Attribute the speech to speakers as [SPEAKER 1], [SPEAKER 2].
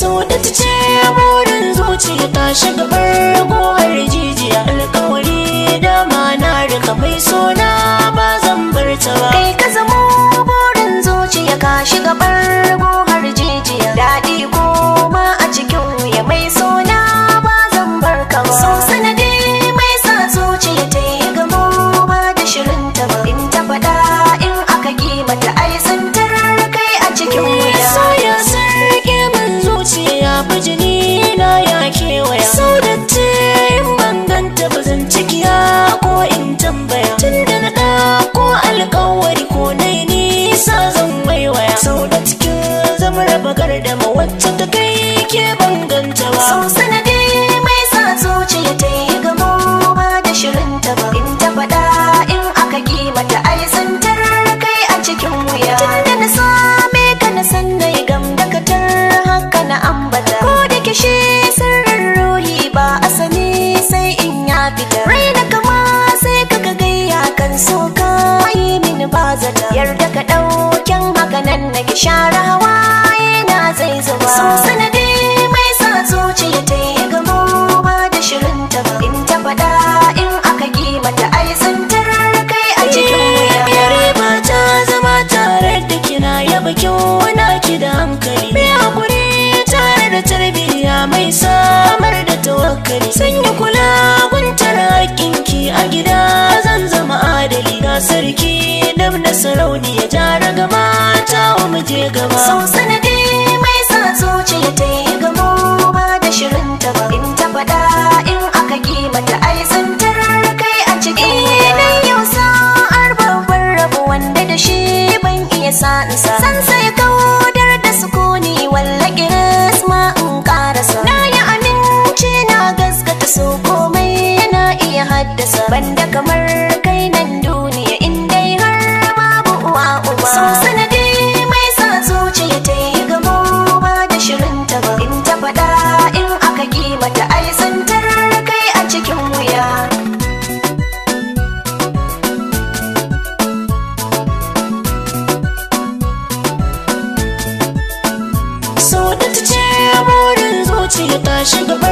[SPEAKER 1] so da ta ce burin zuci ta shiga farko har jijiya alkawari da ma na rika mai sona ba zan bar ta ba kai ka zamo
[SPEAKER 2] burin zuciya ka shiga farko
[SPEAKER 1] hankali sanya kula guntar hakinki a gida zan zama adali na sarki dam da sarauni ya jara gama wa muje gaba sau sanadi mai sa zuciya ta yi gamo
[SPEAKER 2] ba da shirin ta ba in ta faɗa in aka ki mata ai zantar kai a cikin nan eh. yau sa'ar babban rabu wanda da shi ban iya sa san sai kawo da sukuni wallahi banda kamar kai nan duniya in dai har babu uwa uba so sanadi mai sa zuciya ta yi gamo ba da shirin ta ba in ta faɗa in aka kimata ai santar kai a cikin wuya
[SPEAKER 1] so da ta ce burin zuciya ta shiga